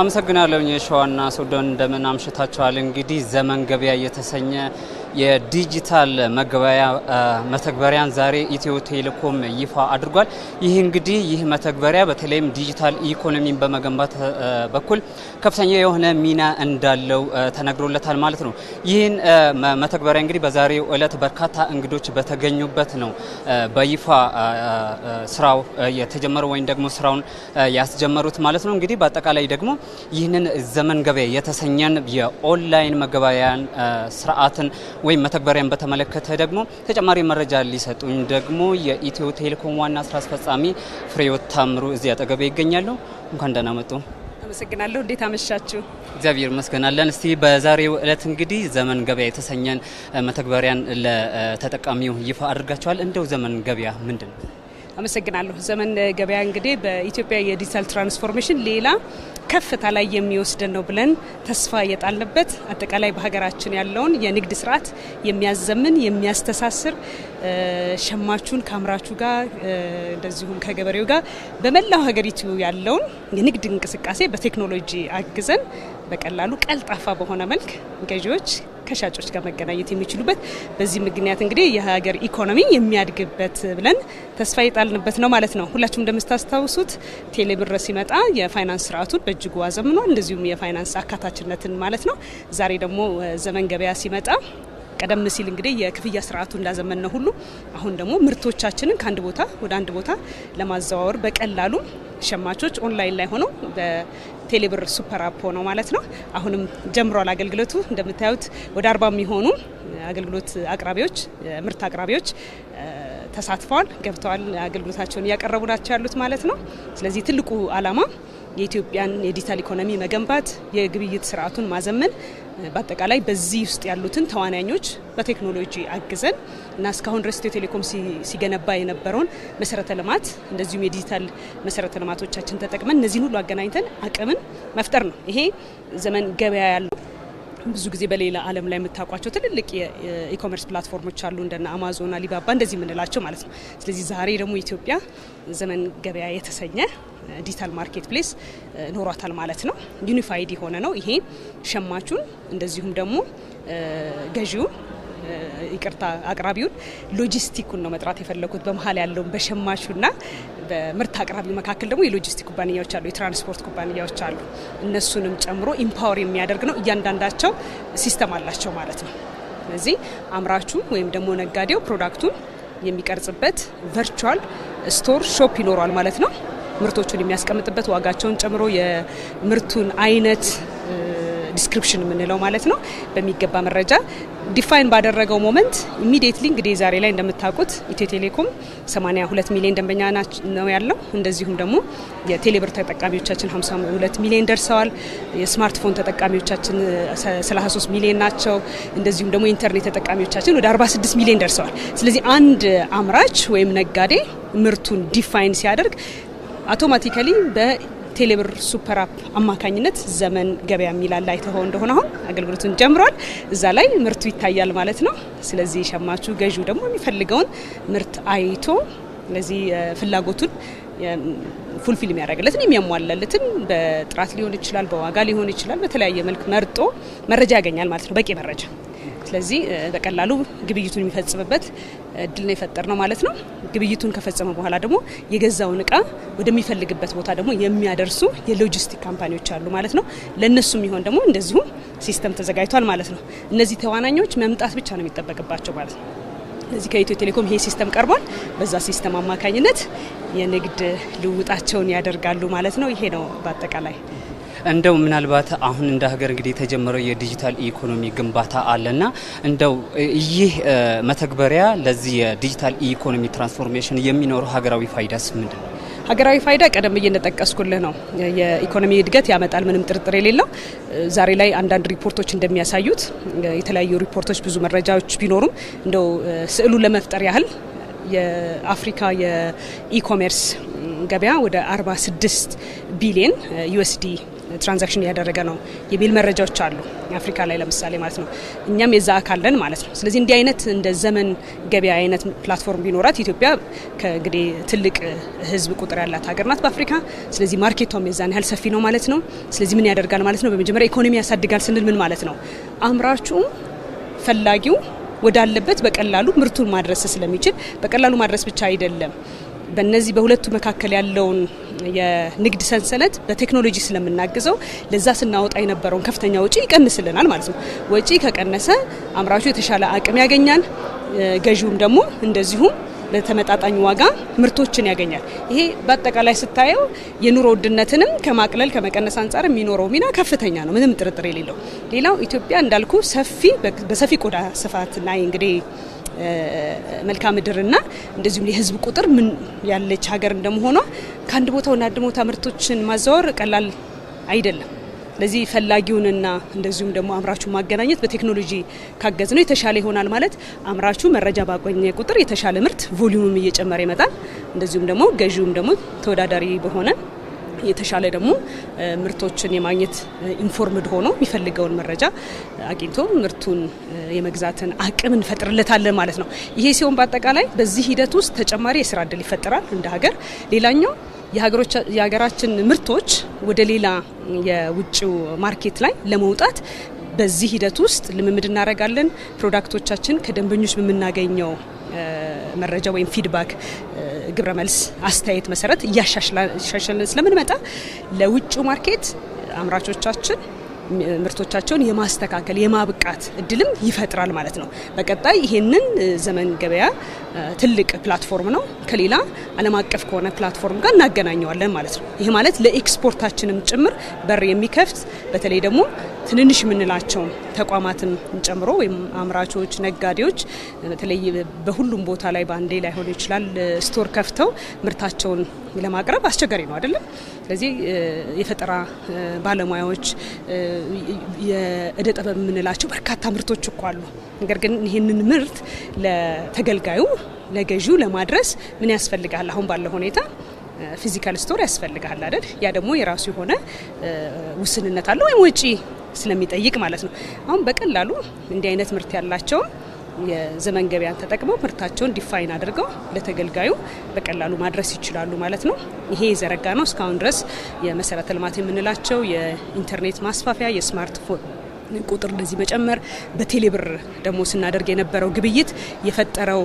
አመሰግናለሁ። የሸዋና ሱዳን እንደምን አምሽታችኋል። እንግዲህ ዘመን ገበያ እየተሰኘ የዲጂታል መገበያያ መተግበሪያን ዛሬ ኢትዮ ቴሌኮም ይፋ አድርጓል። ይህ እንግዲህ ይህ መተግበሪያ በተለይም ዲጂታል ኢኮኖሚን በመገንባት በኩል ከፍተኛ የሆነ ሚና እንዳለው ተነግሮለታል ማለት ነው። ይህን መተግበሪያ እንግዲህ በዛሬው ዕለት በርካታ እንግዶች በተገኙበት ነው በይፋ ስራው የተጀመረው ወይም ደግሞ ስራውን ያስጀመሩት ማለት ነው። እንግዲህ በአጠቃላይ ደግሞ ይህንን ዘመን ገበያ የተሰኘን የኦንላይን መገበያያን ስርዓትን ወይም መተግበሪያን በተመለከተ ደግሞ ተጨማሪ መረጃ ሊሰጡኝ ደግሞ የኢትዮ ቴሌኮም ዋና ስራ አስፈጻሚ ፍሬህይወት ታምሩ እዚህ አጠገቤ ይገኛሉ። እንኳን ደህና መጡ። አመሰግናለሁ። እንዴት አመሻችሁ? እግዚአብሔር ይመስገናለን። እስቲ በዛሬው እለት እንግዲህ ዘመን ገበያ የተሰኘን መተግበሪያን ለተጠቃሚው ይፋ አድርጋቸዋል። እንደው ዘመን ገበያ ምንድን ነው? አመሰግናለሁ። ዘመን ገበያ እንግዲህ በኢትዮጵያ የዲጂታል ትራንስፎርሜሽን ሌላ ከፍታ ላይ የሚወስደን ነው ብለን ተስፋ የጣልንበት አጠቃላይ በሀገራችን ያለውን የንግድ ስርዓት የሚያዘምን የሚያስተሳስር ሸማቹን ከአምራቹ ጋር እንደዚሁም ከገበሬው ጋር በመላው ሀገሪቱ ያለውን የንግድ እንቅስቃሴ በቴክኖሎጂ አግዘን በቀላሉ ቀልጣፋ በሆነ መልክ ገዢዎች ከሻጮች ጋር መገናኘት የሚችሉበት በዚህ ምክንያት እንግዲህ የሀገር ኢኮኖሚ የሚያድግበት ብለን ተስፋ የጣልንበት ነው ማለት ነው። ሁላችሁም እንደምታስታውሱት ቴሌብር ሲመጣ የፋይናንስ ስርዓቱን በእጅጉ አዘምኗል። እንደዚሁም የፋይናንስ አካታችነትን ማለት ነው። ዛሬ ደግሞ ዘመን ገበያ ሲመጣ ቀደም ሲል እንግዲህ የክፍያ ስርዓቱ እንዳዘመነ ሁሉ አሁን ደግሞ ምርቶቻችንን ከአንድ ቦታ ወደ አንድ ቦታ ለማዘዋወር በቀላሉ ሸማቾች ኦንላይን ላይ ሆነው በቴሌብር ሱፐር አፕ ሆነው ማለት ነው አሁንም ጀምሯል አገልግሎቱ። እንደምታዩት ወደ አርባ የሚሆኑ አገልግሎት አቅራቢዎች ምርት አቅራቢዎች ተሳትፈዋል፣ ገብተዋል፣ አገልግሎታቸውን እያቀረቡ ናቸው ያሉት ማለት ነው። ስለዚህ ትልቁ ዓላማ የኢትዮጵያን የዲጂታል ኢኮኖሚ መገንባት፣ የግብይት ስርዓቱን ማዘመን በአጠቃላይ በዚህ ውስጥ ያሉትን ተዋናኞች በቴክኖሎጂ አግዘን እና እስካሁን ድረስ ኢትዮ ቴሌኮም ሲገነባ የነበረውን መሰረተ ልማት እንደዚሁም የዲጂታል መሰረተ ልማቶቻችን ተጠቅመን እነዚህን ሁሉ አገናኝተን አቅምን መፍጠር ነው። ይሄ ዘመን ገበያ ያለው ብዙ ጊዜ በሌላ ዓለም ላይ የምታውቋቸው ትልልቅ የኢኮመርስ ፕላትፎርሞች አሉ እንደነ አማዞን፣ አሊባባ እንደዚህ የምንላቸው ማለት ነው። ስለዚህ ዛሬ ደግሞ ኢትዮጵያ ዘመን ገበያ የተሰኘ ዲጂታል ማርኬት ፕሌስ ኖሯታል ማለት ነው። ዩኒፋይድ የሆነ ነው። ይሄ ሸማቹን እንደዚሁም ደግሞ ገዢውን ይቅርታ አቅራቢውን ሎጂስቲኩን ነው መጥራት የፈለጉት። በመሀል ያለውን በሸማቹና በምርት አቅራቢው መካከል ደግሞ የሎጂስቲክ ኩባንያዎች አሉ፣ የትራንስፖርት ኩባንያዎች አሉ። እነሱንም ጨምሮ ኢምፓወር የሚያደርግ ነው። እያንዳንዳቸው ሲስተም አላቸው ማለት ነው። ስለዚህ አምራቹ ወይም ደግሞ ነጋዴው ፕሮዳክቱን የሚቀርጽበት ቨርቹዋል ስቶር ሾፕ ይኖሯል ማለት ነው። ምርቶቹን የሚያስቀምጥበት ዋጋቸውን ጨምሮ የምርቱን አይነት ዲስክሪፕሽን የምንለው ማለት ነው በሚገባ መረጃ ዲፋይን ባደረገው ሞመንት ኢሚዲየትሊ እንግዲህ ዛሬ ላይ እንደምታውቁት ኢትዮ ቴሌኮም 82 ሚሊዮን ደንበኛ ነው ያለው። እንደዚሁም ደግሞ የቴሌብር ተጠቃሚዎቻችን 52 ሚሊዮን ደርሰዋል። የስማርትፎን ተጠቃሚዎቻችን 33 ሚሊዮን ናቸው። እንደዚሁም ደግሞ የኢንተርኔት ተጠቃሚዎቻችን ወደ 46 ሚሊዮን ደርሰዋል። ስለዚህ አንድ አምራች ወይም ነጋዴ ምርቱን ዲፋይን ሲያደርግ አውቶማቲካሊ በ ቴሌብር ሱፐር አፕ አማካኝነት ዘመን ገበያ የሚላል ተሆ እንደሆነ አሁን አገልግሎቱን ጀምሯል። እዛ ላይ ምርቱ ይታያል ማለት ነው። ስለዚህ ሸማቹ ገዢው ደግሞ የሚፈልገውን ምርት አይቶ ለዚህ ፍላጎቱን ፉልፊል የሚያደርግለትን የሚያሟላለትን በጥራት ሊሆን ይችላል፣ በዋጋ ሊሆን ይችላል፣ በተለያየ መልክ መርጦ መረጃ ያገኛል ማለት ነው በቂ መረጃ ስለዚህ በቀላሉ ግብይቱን የሚፈጽምበት እድል ነው የፈጠር ነው ማለት ነው። ግብይቱን ከፈጸመ በኋላ ደግሞ የገዛውን እቃ ወደሚፈልግበት ቦታ ደግሞ የሚያደርሱ የሎጂስቲክ ካምፓኒዎች አሉ ማለት ነው። ለእነሱ የሚሆን ደግሞ እንደዚሁ ሲስተም ተዘጋጅቷል ማለት ነው። እነዚህ ተዋናኞች መምጣት ብቻ ነው የሚጠበቅባቸው ማለት ነው። እዚህ ከኢትዮ ቴሌኮም ይሄ ሲስተም ቀርቧል። በዛ ሲስተም አማካኝነት የንግድ ልውጣቸውን ያደርጋሉ ማለት ነው። ይሄ ነው በአጠቃላይ እንደው ምናልባት አሁን እንደ ሀገር እንግዲህ የተጀመረው የዲጂታል ኢኮኖሚ ግንባታ አለና እንደው ይህ መተግበሪያ ለዚህ የዲጂታል ኢኮኖሚ ትራንስፎርሜሽን የሚኖረው ሀገራዊ ፋይዳስ ምንድን ነው? ሀገራዊ ፋይዳ ቀደም ብዬ እንደጠቀስኩልህ ነው። የኢኮኖሚ እድገት ያመጣል፣ ምንም ጥርጥር የሌለው። ዛሬ ላይ አንዳንድ ሪፖርቶች እንደሚያሳዩት የተለያዩ ሪፖርቶች ብዙ መረጃዎች ቢኖሩም እንደው ስዕሉ ለመፍጠር ያህል የአፍሪካ የኢኮሜርስ ገበያ ወደ 46 ቢሊዮን ዩኤስዲ ትራንዛክሽን እያደረገ ነው የሚል መረጃዎች አሉ። አፍሪካ ላይ ለምሳሌ ማለት ነው። እኛም የዛ አካል ነን ማለት ነው። ስለዚህ እንዲህ አይነት እንደ ዘመን ገበያ አይነት ፕላትፎርም ቢኖራት ኢትዮጵያ ከእንግዲህ ትልቅ ህዝብ ቁጥር ያላት ሀገር ናት በአፍሪካ። ስለዚህ ማርኬቷም የዛን ያህል ሰፊ ነው ማለት ነው። ስለዚህ ምን ያደርጋል ማለት ነው? በመጀመሪያ ኢኮኖሚ ያሳድጋል ስንል ምን ማለት ነው? አምራቹ ፈላጊው ወዳለበት በቀላሉ ምርቱን ማድረስ ስለሚችል በቀላሉ ማድረስ ብቻ አይደለም በነዚህ በሁለቱ መካከል ያለውን የንግድ ሰንሰለት በቴክኖሎጂ ስለምናግዘው ለዛ ስናወጣ የነበረውን ከፍተኛ ውጪ ይቀንስልናል ማለት ነው። ወጪ ከቀነሰ አምራቹ የተሻለ አቅም ያገኛል፣ ገዢውም ደግሞ እንደዚሁም በተመጣጣኝ ዋጋ ምርቶችን ያገኛል። ይሄ በአጠቃላይ ስታየው የኑሮ ውድነትንም ከማቅለል ከመቀነስ አንጻር የሚኖረው ሚና ከፍተኛ ነው፣ ምንም ጥርጥር የሌለው። ሌላው ኢትዮጵያ እንዳልኩ ሰፊ በሰፊ ቆዳ ስፋት ላይ እንግዲህ መልክዓ ምድርና እንደዚሁም የህዝብ ቁጥር ምን ያለች ሀገር እንደመሆኗ ከአንድ ቦታ ወደ አንድ ቦታ ምርቶችን ማዘዋወር ቀላል አይደለም። ለዚህ ፈላጊውንና እንደዚሁም ደግሞ አምራቹን ማገናኘት በቴክኖሎጂ ካገዝ ነው የተሻለ ይሆናል ማለት አምራቹ መረጃ ባገኘ ቁጥር የተሻለ ምርት ቮሊዩምም እየጨመረ ይመጣል። እንደዚሁም ደግሞ ገዢውም ደግሞ ተወዳዳሪ በሆነ የተሻለ ደግሞ ምርቶችን የማግኘት ኢንፎርምድ ሆኖ የሚፈልገውን መረጃ አግኝቶ ምርቱን የመግዛትን አቅም እንፈጥርለታለን ማለት ነው። ይሄ ሲሆን በአጠቃላይ በዚህ ሂደት ውስጥ ተጨማሪ የስራ እድል ይፈጠራል እንደ ሀገር። ሌላኛው የሀገራችን ምርቶች ወደ ሌላ የውጭው ማርኬት ላይ ለመውጣት በዚህ ሂደት ውስጥ ልምምድ እናደርጋለን። ፕሮዳክቶቻችን ከደንበኞች በምናገኘው መረጃ ወይም ፊድባክ፣ ግብረ መልስ፣ አስተያየት መሰረት እያሻሻልን ስለምንመጣ ለውጭ ማርኬት አምራቾቻችን ምርቶቻቸውን የማስተካከል የማብቃት እድልም ይፈጥራል ማለት ነው። በቀጣይ ይሄንን ዘመን ገበያ ትልቅ ፕላትፎርም ነው። ከሌላ ዓለም አቀፍ ከሆነ ፕላትፎርም ጋር እናገናኘዋለን ማለት ነው። ይሄ ማለት ለኤክስፖርታችንም ጭምር በር የሚከፍት በተለይ ደግሞ ትንንሽ የምንላቸው ተቋማትን ጨምሮ ወይም አምራቾች፣ ነጋዴዎች በተለይ በሁሉም ቦታ ላይ በአንዴ ላይሆን ይችላል ስቶር ከፍተው ምርታቸውን ለማቅረብ አስቸጋሪ ነው አይደለም። ስለዚህ የፈጠራ ባለሙያዎች የእደ ጥበብ የምንላቸው በርካታ ምርቶች እኮ አሉ። ነገር ግን ይህንን ምርት ለተገልጋዩ ለገዢው ለማድረስ ምን ያስፈልጋል? አሁን ባለው ሁኔታ ፊዚካል ስቶር ያስፈልጋል አይደል? ያ ደግሞ የራሱ የሆነ ውስንነት አለው ወይም ወጪ ስለሚጠይቅ ማለት ነው። አሁን በቀላሉ እንዲህ አይነት ምርት ያላቸውም የዘመን ገበያን ተጠቅመው ምርታቸውን ዲፋይን አድርገው ለተገልጋዩ በቀላሉ ማድረስ ይችላሉ ማለት ነው። ይሄ የዘረጋ ነው። እስካሁን ድረስ የመሰረተ ልማት የምንላቸው የኢንተርኔት ማስፋፊያ የስማርት ቁጥር እንደዚህ መጨመር፣ በቴሌብር ደግሞ ስናደርግ የነበረው ግብይት የፈጠረው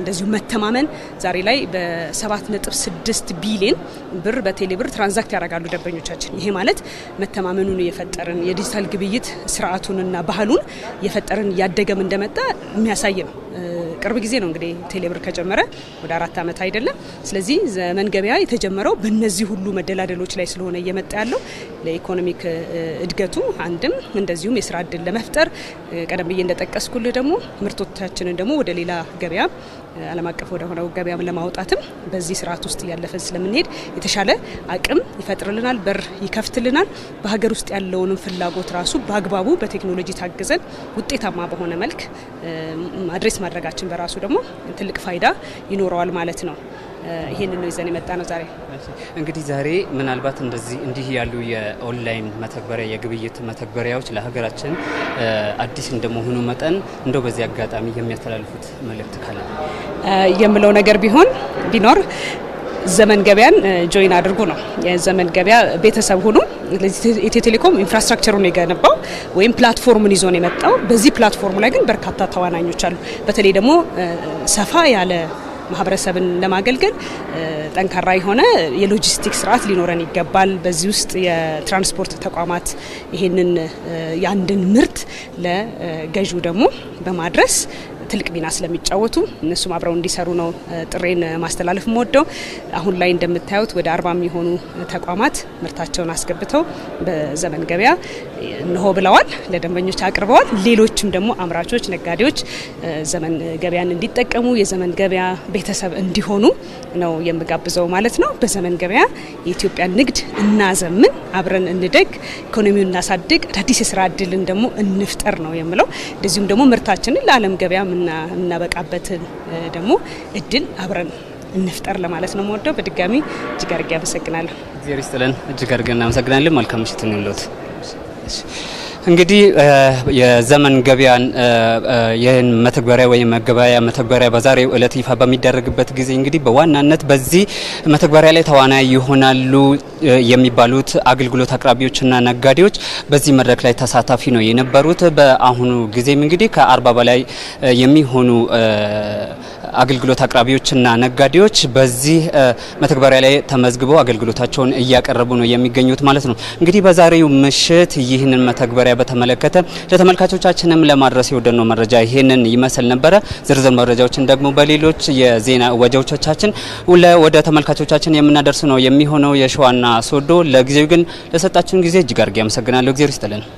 እንደዚሁ መተማመን ዛሬ ላይ በ7.6 ቢሊዮን ብር በቴሌብር ትራንዛክት ያደርጋሉ ደንበኞቻችን። ይሄ ማለት መተማመኑን የፈጠርን የዲጂታል ግብይት ስርዓቱንና ባህሉን የፈጠርን እያደገም እንደመጣ የሚያሳይ ነው። ቅርብ ጊዜ ነው እንግዲህ ቴሌብር ከጀመረ ወደ አራት ዓመት አይደለም። ስለዚህ ዘመን ገበያ የተጀመረው በእነዚህ ሁሉ መደላደሎች ላይ ስለሆነ እየመጣ ያለው ለኢኮኖሚክ እድገቱ አንድም እንደዚሁም የስራ እድል ለመፍጠር ቀደም ብዬ እንደጠቀስኩልህ ደግሞ ምርቶቻችንን ደግሞ ወደ ሌላ ገበያ ዓለም አቀፍ ወደሆነው ገበያም ለማውጣትም በዚህ ስርዓት ውስጥ እያለፈን ስለምንሄድ የተሻለ አቅም ይፈጥርልናል፣ በር ይከፍትልናል። በሀገር ውስጥ ያለውንም ፍላጎት ራሱ በአግባቡ በቴክኖሎጂ ታግዘን ውጤታማ በሆነ መልክ አድሬስ ማድረጋችን በራሱ ደግሞ ትልቅ ፋይዳ ይኖረዋል ማለት ነው። ይህንን ነው ይዘን የመጣ ነው ዛሬ። እንግዲህ ዛሬ ምናልባት እንደዚህ እንዲህ ያሉ የኦንላይን መተግበሪያ የግብይት መተግበሪያዎች ለሀገራችን አዲስ እንደመሆኑ መጠን እንደው በዚህ አጋጣሚ የሚያስተላልፉት መልእክት ካለ የምለው ነገር ቢሆን ቢኖር ዘመን ገበያን ጆይን አድርጉ ነው። የዘመን ገበያ ቤተሰብ ሁኑ። ኢትዮ ቴሌኮም ኢንፍራስትራክቸሩን የገነባው ወይም ፕላትፎርሙን ይዞ ነው የመጣው። በዚህ ፕላትፎርሙ ላይ ግን በርካታ ተዋናኞች አሉ። በተለይ ደግሞ ሰፋ ያለ ማህበረሰብን ለማገልገል ጠንካራ የሆነ የሎጂስቲክ ስርዓት ሊኖረን ይገባል። በዚህ ውስጥ የትራንስፖርት ተቋማት ይህንን የአንድን ምርት ለገዢው ደግሞ በማድረስ ትልቅ ሚና ስለሚጫወቱ እነሱም አብረው እንዲሰሩ ነው ጥሬን ማስተላለፍ ወደው አሁን ላይ እንደምታዩት ወደ አርባ የሚሆኑ ተቋማት ምርታቸውን አስገብተው በዘመን ገበያ እንሆ ብለዋል፣ ለደንበኞች አቅርበዋል። ሌሎችም ደግሞ አምራቾች፣ ነጋዴዎች ዘመን ገበያን እንዲጠቀሙ የዘመን ገበያ ቤተሰብ እንዲሆኑ ነው የምጋብዘው ማለት ነው። በዘመን ገበያ የኢትዮጵያ ንግድ እናዘምን፣ አብረን እንደግ፣ ኢኮኖሚውን እናሳድግ፣ አዳዲስ የስራ እድልን ደግሞ እንፍጠር ነው የምለው። እንደዚሁም ደግሞ ምርታችንን ለዓለም ገበያ የምናበቃበትን ደግሞ እድል አብረን እንፍጠር ለማለት ነው የምወደው። በድጋሚ እጅግ አድርጌ አመሰግናለሁ። እግዚአብሔር ይስጥልን። እጅግ አድርገን እናመሰግናለን። መልካም ምሽት እንሎት እንግዲህ የዘመን ገበያን ይህን መተግበሪያ ወይም መገበያ መተግበሪያ በዛሬው እለት ይፋ በሚደረግበት ጊዜ እንግዲህ በዋናነት በዚህ መተግበሪያ ላይ ተዋናይ ይሆናሉ የሚባሉት አገልግሎት አቅራቢዎችና ነጋዴዎች በዚህ መድረክ ላይ ተሳታፊ ነው የነበሩት። በአሁኑ ጊዜም እንግዲህ ከአርባ በላይ የሚሆኑ አገልግሎት አቅራቢዎችና ነጋዴዎች በዚህ መተግበሪያ ላይ ተመዝግበው አገልግሎታቸውን እያቀረቡ ነው የሚገኙት ማለት ነው። እንግዲህ በዛሬው ምሽት ይህንን መተግበሪያ ጉዳይ በተመለከተ ለተመልካቾቻችንም ለማድረስ የወደድነው መረጃ ይህንን ይመስል ነበረ። ዝርዝር መረጃዎችን ደግሞ በሌሎች የዜና ወጃዎቻችን ወደ ተመልካቾቻችን የምናደርስ ነው የሚሆነው። የሸዋና ሶዶ ለጊዜው ግን ለሰጣችሁን ጊዜ እጅግ አድርጌ አመሰግናለሁ። እግዚአብሔር ይስጥልን።